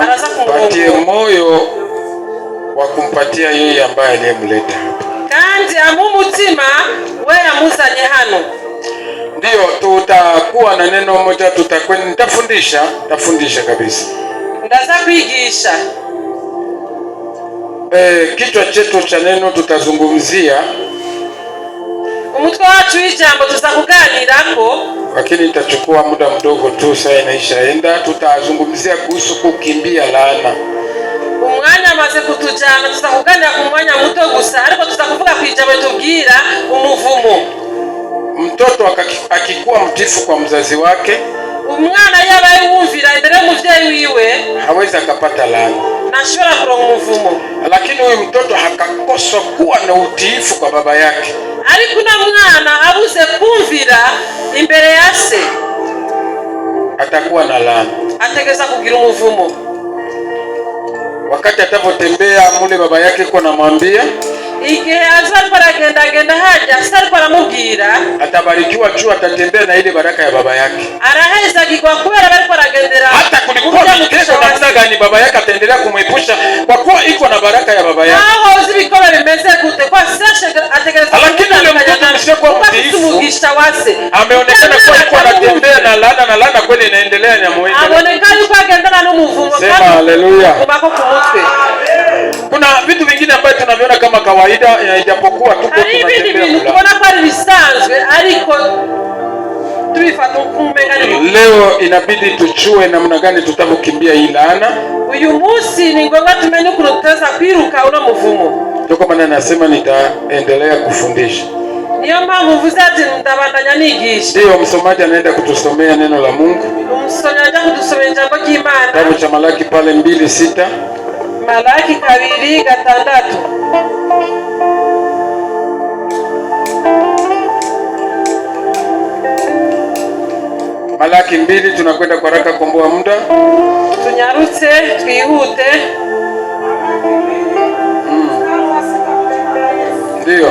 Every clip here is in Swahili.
na mpatie moyo wa kumpatia yeye ambaye aliyemleta kandi amu weyamuzanye hano. Ndiyo, tutakuwa na neno moja, tutakwenda nitafundisha, tafundisha kabisa, ndaza Eh, kichwa chetu cha neno tutazungumzia tuyita mbo lakini itachukua muda mdogo tu, saa inaishaenda. Tutazungumzia kuhusu kukimbia laana. Umwanya amaze kutujana, tuzakuganira ku mwanya muto gusa, ariko tuzakuvuga kwijambo ijambo tubwira umuvumo. Mtoto akikuwa mtifu kwa mzazi wake, umwana yabaye wumvira imbere y'umuvyeyi wiwe, hawezi akapata laana lakini huyu mtoto hakakoswa kuwa na utiifu kwa baba yake ariko mwana abuze kumvira imbere ya se atakuwa na laana ategeza kugira umuvumo wakati atavotembea mule baba yake kwa namwambia igihe azakora agendagenda haja sariko aramubwira atabarikiwa juu atatembea na ile baraka ya baba yake, anahesagirwa kubera bariko aragendera. Hata kulikuwa vitendo namna gani, baba yake atendelea kumwepusha kwa kuwa iko na baraka ya baba yake. Aho uzi bikoma bimeze gute kwa sasa ategereza, lakini ile mtoto ameshakuwa mtiifu, ameonekana kuwa iko anatembea na laana na laana kweli inaendelea nyamwezi, ameonekana kuwa agendana no muvumo. Sema haleluya, kubako kumutwe kuna vitu vingi vile tunaviona kama kawaida, eh, ijapokuwa tuko eh, leo, inabidi tujue namna gani tutavokimbia hii laana. Uyu munsi ni ngombwa tumenye kurutaza kwiruka uno muvumo. Toko mana nasema nitaendelea kufundisha. Niyo mpamvu mvuze ati ndabandanya nigisha. Ndiyo msomaji anaenda kutusomea neno la Mungu. Msomaji anaenda kutusomea jambo la Imani. Kitabu cha Malaki pale mbili sita. Malaki kabiri gatandatu Malaki mbili. Tunakwenda kwa haraka, kumbua muda, tunyarutse twihute. Hmm. Ndio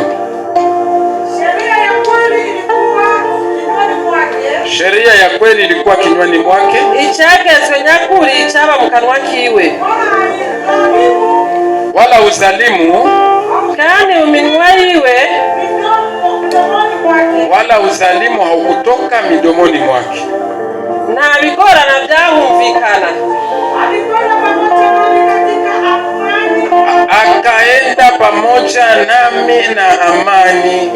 sheria ya kweli ilikuwa kinywani mwake, ichake nyakuri ichaba mu kanwa kiwe wala uzalimu Kani umenwaiwe wala uzalimu haukutoka midomoni mwake, na vikora na vyahumvikana. Akaenda pamoja nami na amani,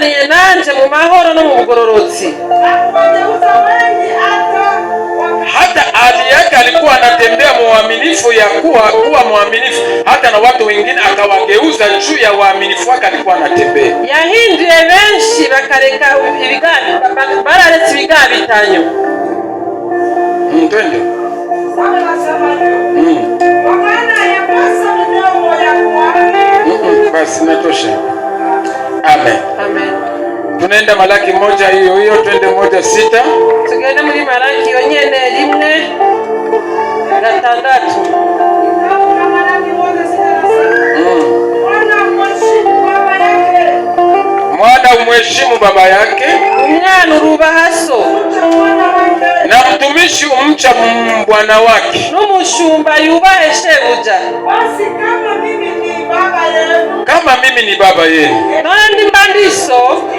niye nanje mu mahoro no mu bugororotsi hali yake alikuwa anatembea muaminifu ya kuwa kuwa muaminifu hata na watu wengine akawageuza juu ya waaminifu wake alikuwa anatembea. yahinduye benshi bakareka ibigabi bararetse ibigabitanyo mtende mm, mm. mm, basi natosha. Amen. Amen tunaenda Malaki moja hiyo hiyo, twende moja sita tugende muri Malaki yonyene rimwe gatandatu mwana umheshimu baba yake, umwana urubaha so, na mtumishi umcha bwana wake, n'umushumba yubahe shebuja. Basi Kama mimi ni baba yenu, kama mimi ni baba nandi mba ndiso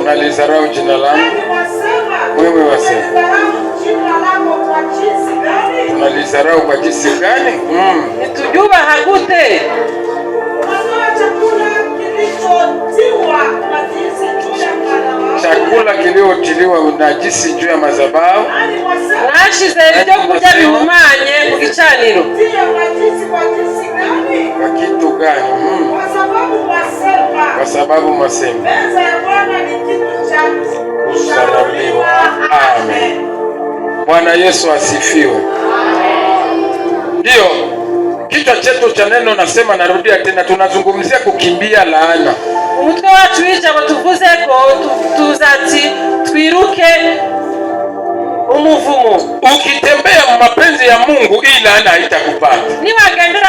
unalidharau jina langu wewe, wasema unalidharau kwa jinsi gani? Mm. nitujuba hagute chakula kiliotiliwa unajisi juu ya mazabao nashize ibyo kurya bihumanye ku gicaniro kwa kitu gani? Mm kwa sababu mwasema meza ya Bwana ni kitu cha kusalamiwa. Amen. Bwana Yesu asifiwe. Ndiyo kichwa chetu cha neno, nasema narudia tena, tunazungumzia kukimbia laana. umutwe wacu ijabo tuvuze ko tuzati twiruke umuvumo ukitembea mumapenzi mapenzi ya Mungu ilana haitakupata. ni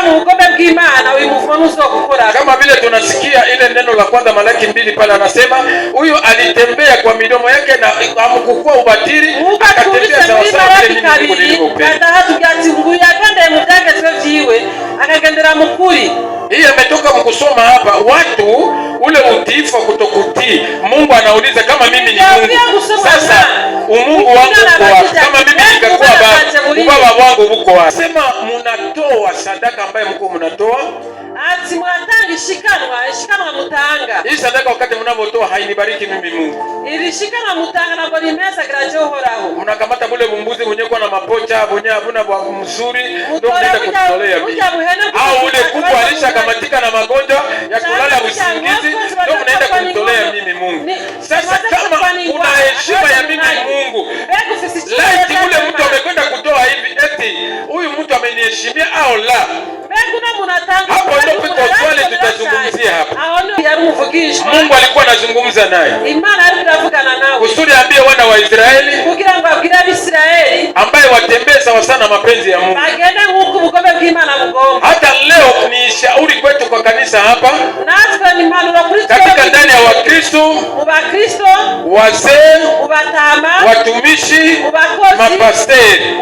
mu bukombe bw'Imana uyu muvumo uzokukora. Kama vile tunasikia ile neno la kwanza Malaki mbili pale anasema huyu alitembea kwa midomo yake na amkukua ubatili akatembea sawa sawa vile mimi nilivyompenda. Hatugatunguye akende mu sio jiwe akagendera mukuri kutoka kwa kusoma hapa, watu ule utiifu wa kutokutii, Mungu anauliza kama mimi ni Mungu, sasa umungu wangu kama mimi ubaba bwangu buko wapi? Sema mnatoa sadaka ambayo mko mnatoa? ati mwatanga ishikanwa ishikanwa mutanga. Hii sadaka wakati mnavotoa hainibariki mimi Mungu. Ili shikanwa mutanga na bali meza grajo horao. Mnakamata bule mumbuzi mwenye kwa na mapocha mwenye abuna kwa mzuri ndio mnaenda kutolea mimi. Au ule kuku alishakamatika na magonjwa ya kulala usingizi ndio mnaenda kutolea mimi Mungu. Sasa kama una heshima ya mimi Mungu mnaheshimia au la? Eh, hapo ndipo swali tutazungumzia hapa. Mungu alikuwa anazungumza naye kusudi ambie wana wa Israeli ambaye watembee sawa sana mapenzi ya Mungu. Hata leo ni shauri kwetu kwa kanisa hapa katika ndani ya Wakristo, wazee, watumishi, mapasteri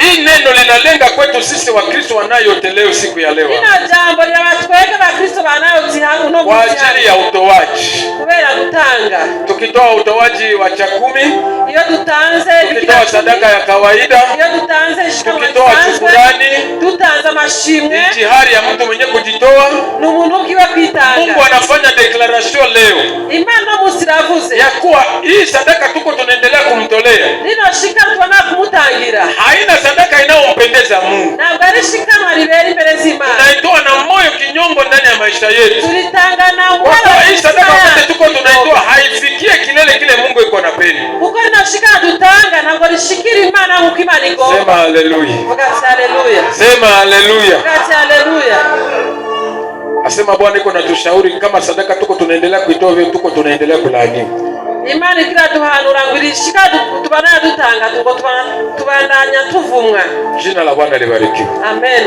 hii neno linalenga kwetu sisi Wakristo wanayoteleo siku ya leo. Ina jambo linawatweka Wakristo wanayotihangu kwa ajili ya utoaji. Kubera kutanga Tukitoa utoaji wa cha kumi, iyo dutanze tukitoa sadaka ya kawaida, iyo dutanze tukitoa shukrani, tutanze amashimwe. Jihari ya mtu mwenye kujitoa. Numuntu ukiwa kwitanga. Mungu anafanya declaration leo. Imana musiravuze. Ya kuwa hii sadaka tuko tunaendelea kumtolea. Lino shika tunakumtangira. Haina sadaka inayowapendeza Mungu. Tunaitoa na moyo kinyongo ndani ya maisha yetu. Hii sadaka zote tuko tunaitoa haifikie kilele kile Mungu iko anapenda. Sema haleluya. Sema haleluya. Asema Bwana iko tushauri kama sadaka tuko tunaendelea kuitoa tuko tunaendelea kulaaniwa imana itiraduhanurangwira ishika tubana yadutanga ngo tubandanya tuvumwa jina la bwana libarikiwe amen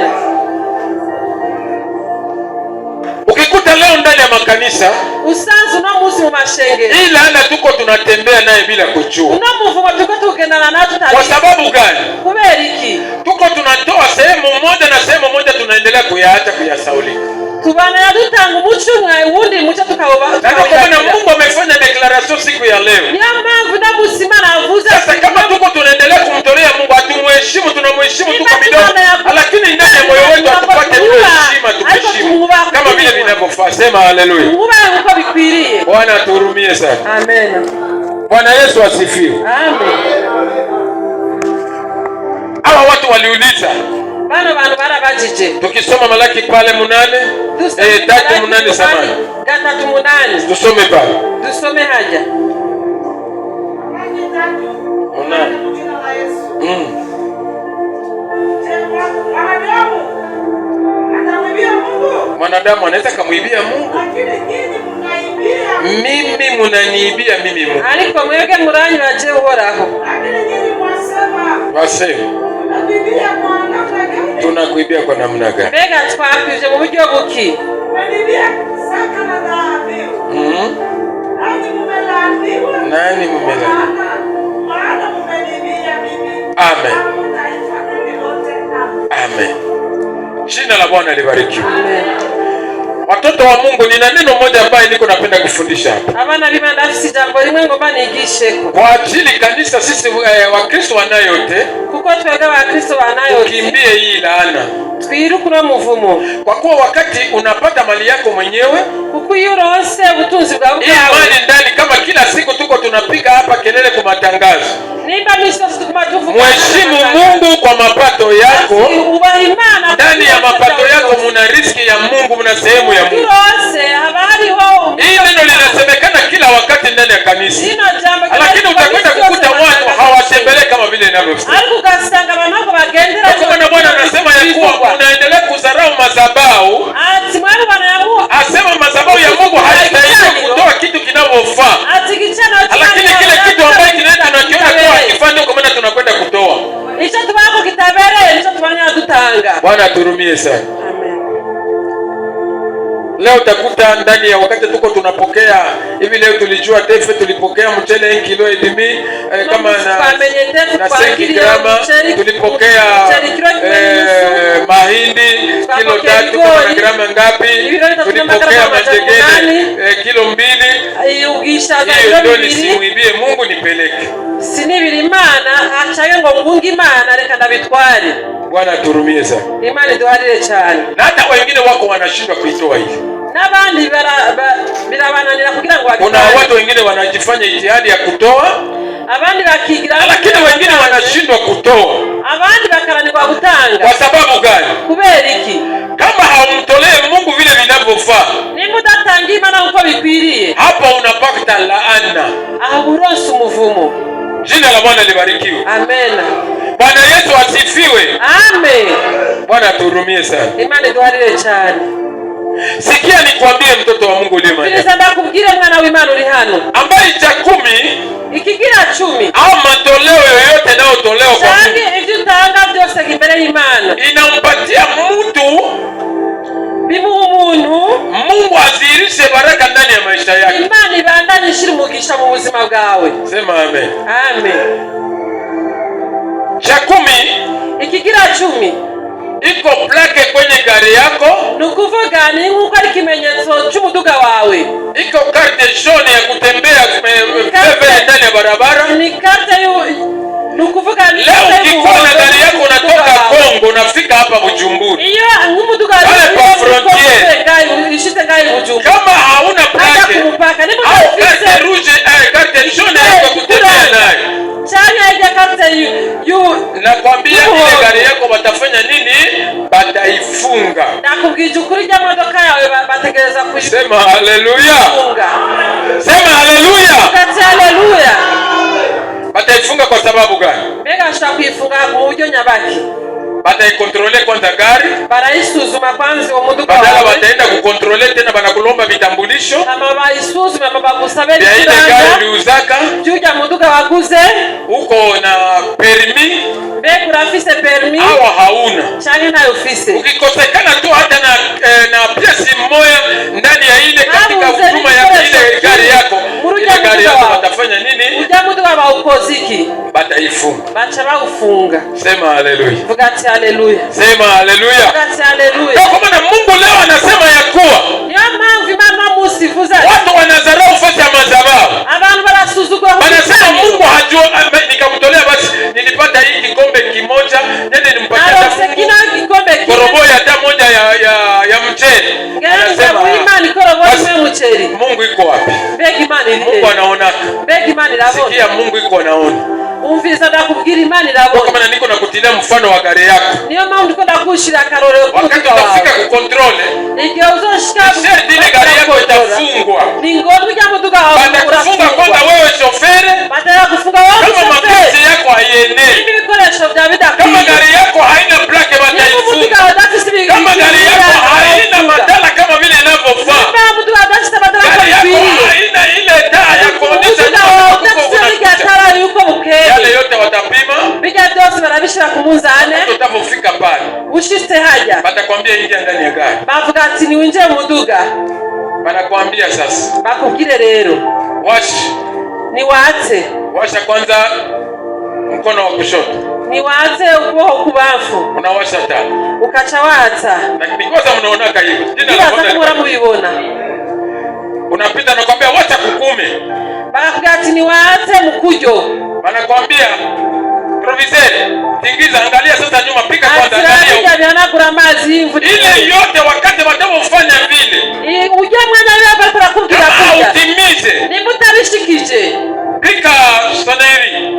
ukikuta leo ndani ya makanisa usanzu no musi mu mashengero ila ana tuko tunatembea naye bila kujua uno muvumo tuko tugendana nayo tutaji kwa sababu gani kubera iki tuko tunatoa sehemu moja na sehemu moja tunaendelea kuyaacha kuyasaulika tubana dutangu muchumwe ubundi muco tukabona Mungu amefanya declaration siku ya leo yamavu na navuza sasa kama tuko tunaendelea kumtolea Mungu atumheshimu tunamheshimu tuko midogo lakini ndani ya moyo wetu atupate heshima tuheshimu kama vile vinavyofaa sema haleluya uko bikwirie Bwana tuhurumie sana amen Bwana Yesu asifiwe amen hawa watu waliuliza bano bantu balabakiki tukisoma Malaki pale munane eh, tatu munane samani gatatu munane tusome pale tusome haja munane mm. Mwanadamu anaweza kumwibia Mungu, mimi munaniibia mimi Mungu. Ariko mwebwe muranywa je Uhoraho, basema tunakuibia kwa namna gani? mbega twakwije mu buryo buki hmm? nani mumela amen amen. Jina la Bwana libarikiwe. Amen. Watoto wa Mungu, nina neno moja ambaye niko napenda kufundisha hapa abana limwe ndafisi jambo limwe ngomba nigishe kwa ajili kanisa. Sisi eh, Wakristo wana yote kuko twega Wakristo wana yote, kimbie hii laana, twirukure muvumo, kwa kuwa wakati unapata mali yako mwenyewe kuko hiyo rose butunzi bwa bwa imani ndani. Kama kila siku tuko tunapiga hapa kelele kwa matangazo, nimba misofu kwa matufu, mheshimu Mungu kwa mapato yako ndani ya mapato yako riziki ya Mungu na sehemu ya Mungu. Hii neno linasemekana kila wakati ndani ya kanisa, lakini utakwenda kukuta watu hawatembelei kama vile inavyostahili. Kuna Bwana anasema ya kuwa unaendelea kudharau madhabahu, asema madhabahu ya Mungu haistahili kutoa kitu kinavyofaa, lakini kile kitu ambaye kinaenda na kiona kwa kifani, kwa maana tunakwenda kutoa. Bwana aturumie sana. Leo utakuta ndani ya wakati tuko tunapokea hivi, leo tulijua tefe, tulipokea mchele kilo elimi eh, kama na senki grama, tulipokea eh, mahindi kilo tatu, grama ngapi? Tulipokea mategene eh, kilo mbili none mungu nipeleke imana ngo imana reka ndabitware bwana imana iduharire cyane nata wengine wako wanashindwa kuitoa n'abandi birabananira kugira ngo kuna watu wengine wanajifanya ya kutoa abandi bakigira lakini wengine wanashindwa kutoa abandi bakaranirwa gutanga kwa sababu gani kubera iki kama hamtolee mungu vile vinavyofaa nimudatangira imana uko bikwiriye hapa unapata laana. Aburosu mvumo. Jina la Bwana libarikiwe. Amen. Bwana Yesu asifiwe. Amen. Bwana turumie sana. Imani dwarire chani. Sikia nikwambie mtoto wa Mungu uliye mahali. Nilisaba kubwira mwana wa imani uri hano. Ambaye cha kumi ikigira chumi au matoleo yoyote toleo kwa Mungu. Change ivyo utanga vyose kimbere y'Imana. Ina mema gawe. Sema amen. Amen. Cha kumi ikigira chumi iko plake kwenye gari yako nukuvuga ni nkuko ari ikimenyetso cy'umuduga wawe iko karte shone ya kutembea mbele ndani ya barabara ni karte yu nukuvuga ni leo ukikona gari yako unatoka Kongo unafika hapa Bujumbura iyo nk'umuduga wawe pale pa frontiere kushika gari kama hauna plate au carte rouge eh, carte jaune ya kutembea nayo chana ile carte yu, yu nakwambia ile gari yako batafanya nini? Bataifunga na kukijukulia modoka yao bategereza kushika. haleluya, sema haleluya, kati haleluya. Bataifunga kwa sababu gani? buryo nyabaki bataikontrole kwanza gari baraisuzuma kwanza omuntu badala bataenda kukontrole tena banakulomba vitambulisho ama baisuzuma babakusabe ile gari liuzaka juja muduka waguze uko na permi bekurafise permi awa hauna chani na ofise ukikosekana tu hata na, eh, na piasi moya ndani ya ile katika huduma ya ile gari yako ile gari yako watafanya nini baba bawukoziki batayifunga baca ufunga Sema haleluya, vuga ati haleluya, sema haleluya, vuga ati haleluya. Kwa maana Mungu leo anasema ya kuwa ya mpamvu mama musifuza watu wanazarau fasi ya madhabahu, abantu barasuzugwa, wanasema Mungu hajua. Ah, nikamtolea basi, nilipata hii kikombe kimoja, nende nimpatie robo ya damu moja ya ya, ya mchele, anasema cheri. Mungu iko wapi? ile. Mungu anaona. la anaonaka. Sikia, Mungu iko anaona umviriza ndakubwira la irabona kama niko na kutilia mfano wa gari yako niyo mpamvu ndiko ndakushira akarorero wakati utafika ku controle igihe shika. sherti ile gari yako itafungwa ni ngombwa ujya mtu duka hapo. baada kufunga kwanza wewe shofere baada ya kufunga wewe shofere kama mapenzi yako Mimi niko na bya David. kama gari yako haina plaque bataifunga kama gari kesho ya ushobora kumuzane utavufika pale ushitse hajya batakwambia ingia ndani ya gari bavuga ati niwinjire mu nduga banakwambia sasa bakubwire rero washi ni niwatse washa kwanza mkono wa kushoto niwaze ukuboko kubafu unawasha tena ukacha watsa because mnaonaka hivyo jina la Mungu mura muibona unapita na kwambia wacha kukume bakati niwaze mkujo banakwambia Revizeni, ingiza, angalia sasa nyuma, piga kwanza, angalia ile yote. Wakati ufanya vile, uje mwana leo bali kwa kumkira kuja, utimize ni mtabishikije, pika sanairi